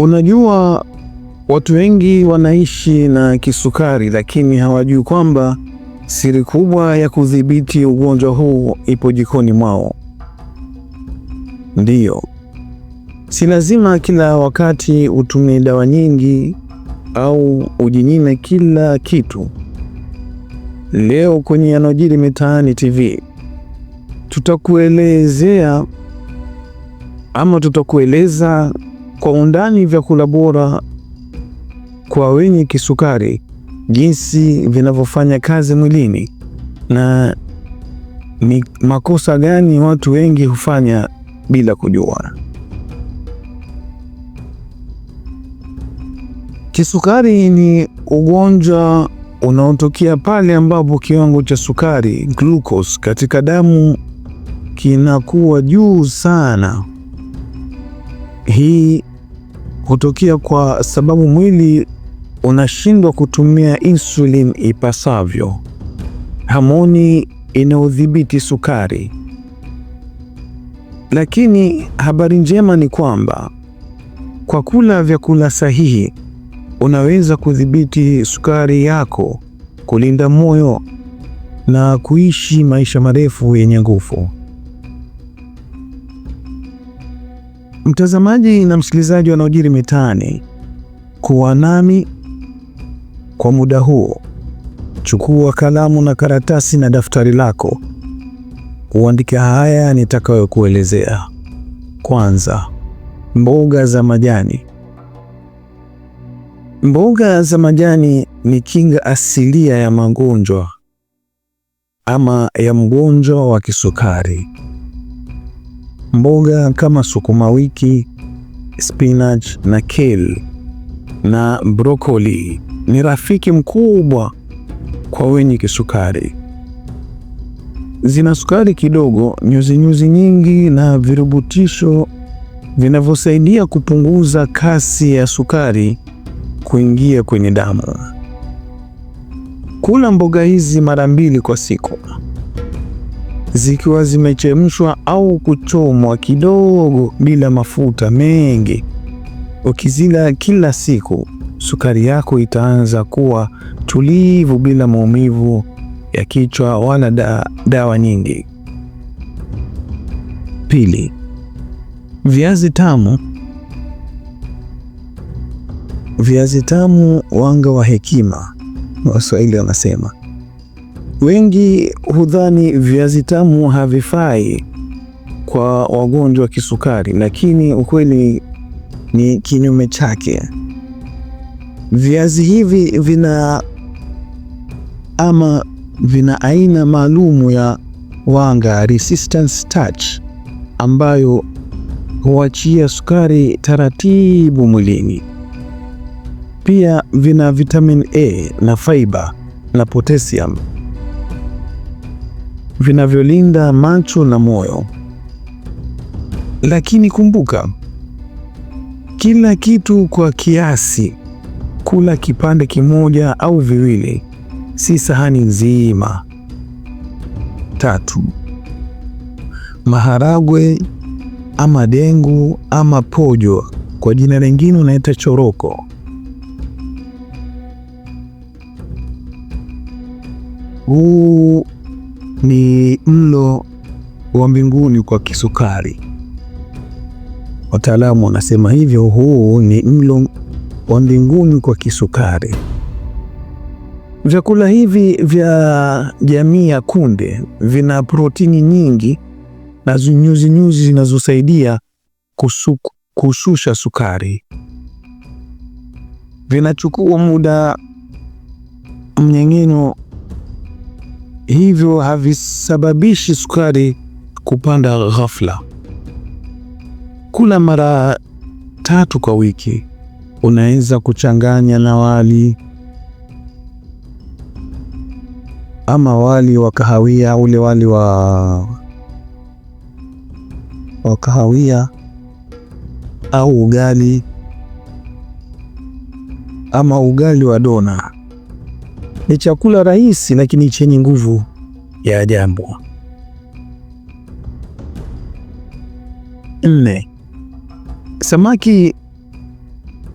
Unajua, watu wengi wanaishi na kisukari, lakini hawajui kwamba siri kubwa ya kudhibiti ugonjwa huu ipo jikoni mwao. Ndiyo, si lazima kila wakati utumie dawa nyingi au ujinyime kila kitu. Leo kwenye Yanayojiri Mitaani TV tutakuelezea ama tutakueleza kwa undani vyakula bora kwa wenye kisukari, jinsi vinavyofanya kazi mwilini na ni makosa gani watu wengi hufanya bila kujua. Kisukari ni ugonjwa unaotokea pale ambapo kiwango cha sukari glucose katika damu kinakuwa juu sana. Hii hutokea kwa sababu mwili unashindwa kutumia insulin ipasavyo, homoni inayodhibiti sukari. Lakini habari njema ni kwamba kwa kula vyakula sahihi unaweza kudhibiti sukari yako, kulinda moyo na kuishi maisha marefu yenye nguvu. Mtazamaji na msikilizaji yanayojiri mitaani, kuwa nami kwa muda huo. Chukua kalamu na karatasi na daftari lako, uandike haya nitakayokuelezea. Kwanza, mboga za majani. Mboga za majani ni kinga asilia ya magonjwa ama ya mgonjwa wa kisukari mboga kama sukuma wiki, spinach na kale na brokoli ni rafiki mkubwa kwa wenye kisukari. Zina sukari kidogo, nyuzinyuzi nyingi na virubutisho vinavyosaidia kupunguza kasi ya sukari kuingia kwenye damu. Kula mboga hizi mara mbili kwa siku zikiwa zimechemshwa au kuchomwa kidogo bila mafuta mengi. Ukizila kila siku, sukari yako itaanza kuwa tulivu bila maumivu ya kichwa wala da, dawa nyingi. Pili, viazi tamu. Viazi tamu wanga wa hekima, Waswahili wanasema Wengi hudhani viazi tamu havifai kwa wagonjwa wa kisukari, lakini ukweli ni kinyume chake. Viazi hivi vina ama vina aina maalumu ya wanga resistance starch ambayo huachia sukari taratibu mwilini. Pia vina vitamin A na fiber na potassium vinavyolinda macho na moyo. Lakini kumbuka, kila kitu kwa kiasi. Kula kipande kimoja au viwili, si sahani nzima. Tatu, maharagwe ama dengu ama pojo, kwa jina lingine unaita choroko. Huu ni mlo wa mbinguni kwa kisukari. Wataalamu wanasema hivyo, huu ni mlo wa mbinguni kwa kisukari. Vyakula hivi vya jamii ya kunde vina protini nyingi na nyuzi zinazosaidia kushusha sukari. Vinachukua muda mnyeng'enyo hivyo havisababishi sukari kupanda ghafla. Kula mara tatu kwa wiki, unaweza kuchanganya na wali ama wali wa kahawia, ule wali wa wa kahawia au ugali ama ugali wa dona. Ni chakula rahisi lakini chenye nguvu ya ajabu. Nne, samaki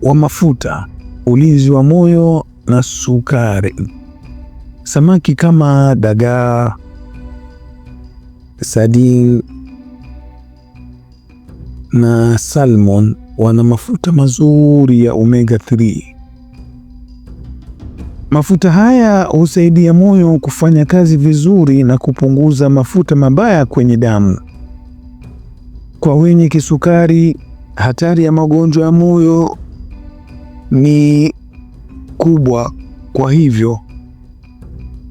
wa mafuta, ulinzi wa moyo na sukari. Samaki kama dagaa, sardine na salmon wana mafuta mazuri ya omega 3 Mafuta haya husaidia moyo kufanya kazi vizuri na kupunguza mafuta mabaya kwenye damu. Kwa wenye kisukari, hatari ya magonjwa ya moyo ni kubwa. Kwa hivyo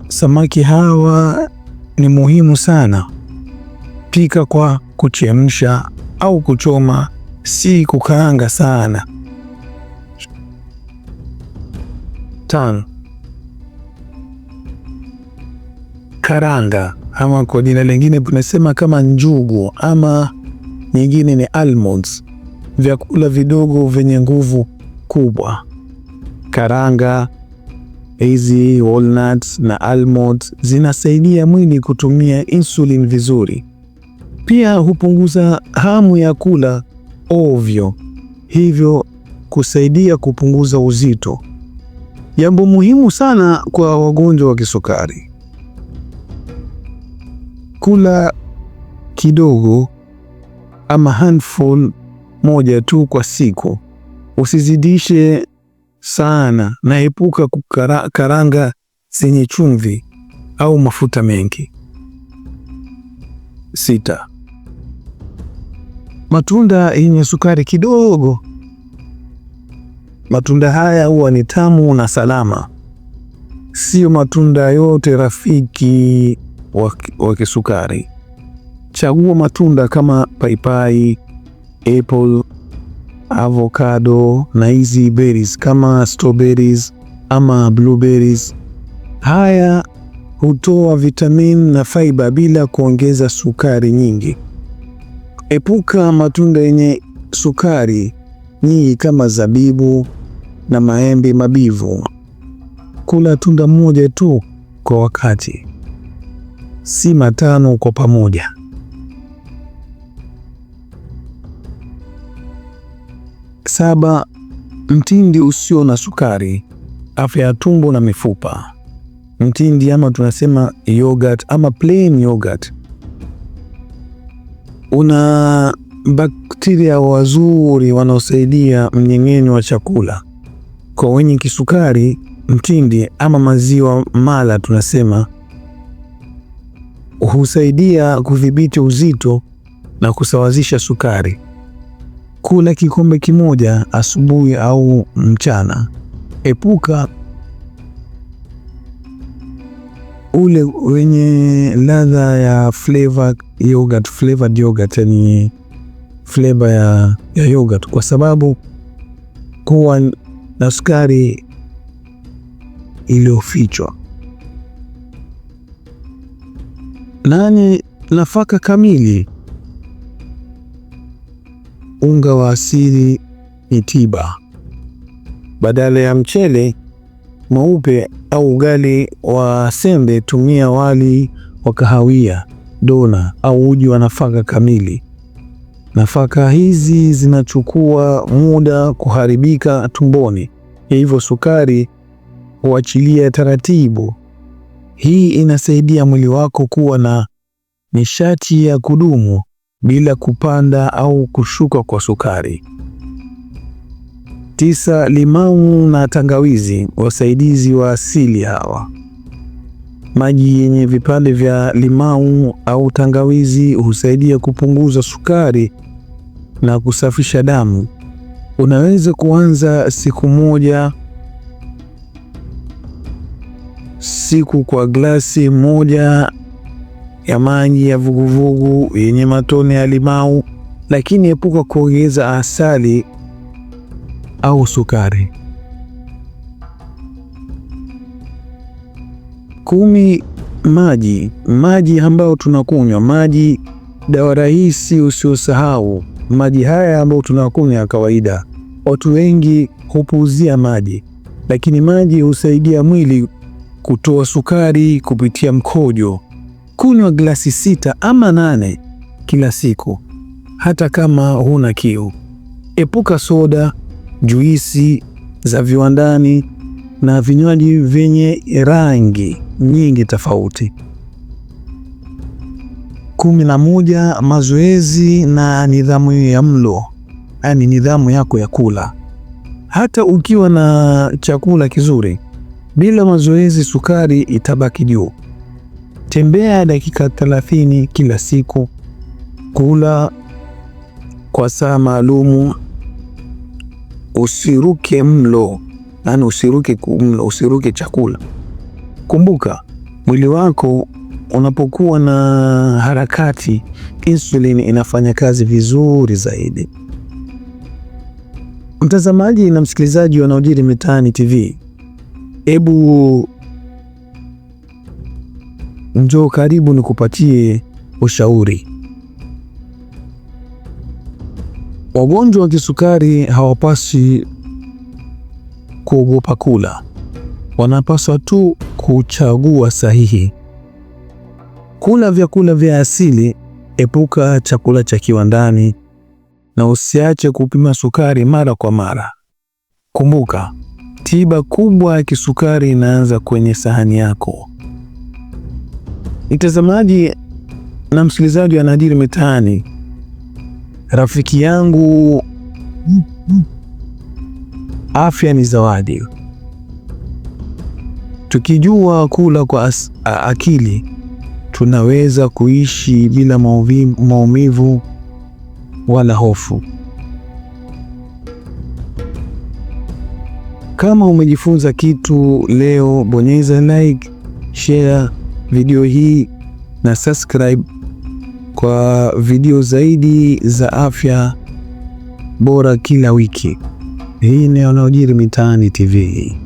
samaki hawa ni muhimu sana. Pika kwa kuchemsha au kuchoma, si kukaanga sana. Tano. karanga, ama kwa jina lingine tunasema kama njugu, ama nyingine ni almonds, vyakula vidogo vyenye nguvu kubwa. Karanga hizi walnuts na almonds zinasaidia mwili kutumia insulin vizuri. Pia hupunguza hamu ya kula ovyo, hivyo kusaidia kupunguza uzito, jambo muhimu sana kwa wagonjwa wa kisukari chakula kidogo ama handful moja tu kwa siku, usizidishe sana, na epuka kukaranga zenye chumvi au mafuta mengi. Sita, matunda yenye sukari kidogo. Matunda haya huwa ni tamu na salama, sio matunda yote rafiki wa kisukari. Chagua matunda kama paipai, apple, avocado na hizi berries kama strawberries ama blueberries. Haya hutoa vitamin na fiber bila kuongeza sukari nyingi. Epuka matunda yenye sukari nyingi kama zabibu na maembe mabivu. Kula tunda moja tu kwa wakati si matano kwa pamoja. Saba, mtindi usio na sukari, afya ya tumbo na mifupa. Mtindi ama tunasema yogurt ama plain yogurt una bakteria wazuri wanaosaidia mmeng'enyo wa chakula. Kwa wenye kisukari, mtindi ama maziwa mala tunasema husaidia kudhibiti uzito na kusawazisha sukari. Kula kikombe kimoja asubuhi au mchana. Epuka ule wenye ladha ya flavor yogurt, flavored yogurt, yani flavor ya, ya yogurt kwa sababu kuwa na sukari iliyofichwa. nani nafaka kamili. Unga wa asili ni tiba. Badala ya mchele mweupe au ugali wa sembe, tumia wali wa kahawia, dona au uji wa nafaka kamili. Nafaka hizi zinachukua muda kuharibika tumboni, hivyo sukari huachilia taratibu. Hii inasaidia mwili wako kuwa na nishati ya kudumu bila kupanda au kushuka kwa sukari. Tisa, limau na tangawizi, wasaidizi wa asili hawa. Maji yenye vipande vya limau au tangawizi husaidia kupunguza sukari na kusafisha damu. Unaweza kuanza siku moja siku kwa glasi moja ya maji ya vuguvugu yenye matone ya limau, lakini epuka kuongeza asali au sukari. Kumi. Maji, maji ambayo tunakunywa maji, dawa rahisi usiosahau maji haya ambayo tunakunywa ya kawaida. Watu wengi hupuuzia maji, lakini maji husaidia mwili kutoa sukari kupitia mkojo. Kunywa glasi sita ama nane kila siku, hata kama huna kiu. Epuka soda, juisi za viwandani na vinywaji vyenye rangi nyingi tofauti. Kumi na moja. Mazoezi na nidhamu ya mlo, yaani nidhamu yako ya kula. Hata ukiwa na chakula kizuri bila mazoezi, sukari itabaki juu. Tembea dakika 30 kila siku. Kula kwa saa maalumu. Usiruke mlo, yaani usiruke mlo, usiruke chakula. Kumbuka mwili wako unapokuwa na harakati, insulin inafanya kazi vizuri zaidi. Mtazamaji na msikilizaji yanayojiri mitaani TV, Hebu njoo karibu nikupatie ushauri. Wagonjwa wa kisukari hawapaswi kuogopa kula, wanapaswa tu kuchagua sahihi. Kula vyakula vya asili, epuka chakula cha kiwandani na usiache kupima sukari mara kwa mara. Kumbuka, tiba kubwa ya kisukari inaanza kwenye sahani yako mtazamaji na msikilizaji yanayojiri mitaani. Rafiki yangu, afya ni zawadi. Tukijua kula kwa as, a, akili tunaweza kuishi bila maumivu wala hofu. Kama umejifunza kitu leo, bonyeza like, share video hii na subscribe kwa video zaidi za afya bora kila wiki. Hii ni yanayojiri mitaani TV.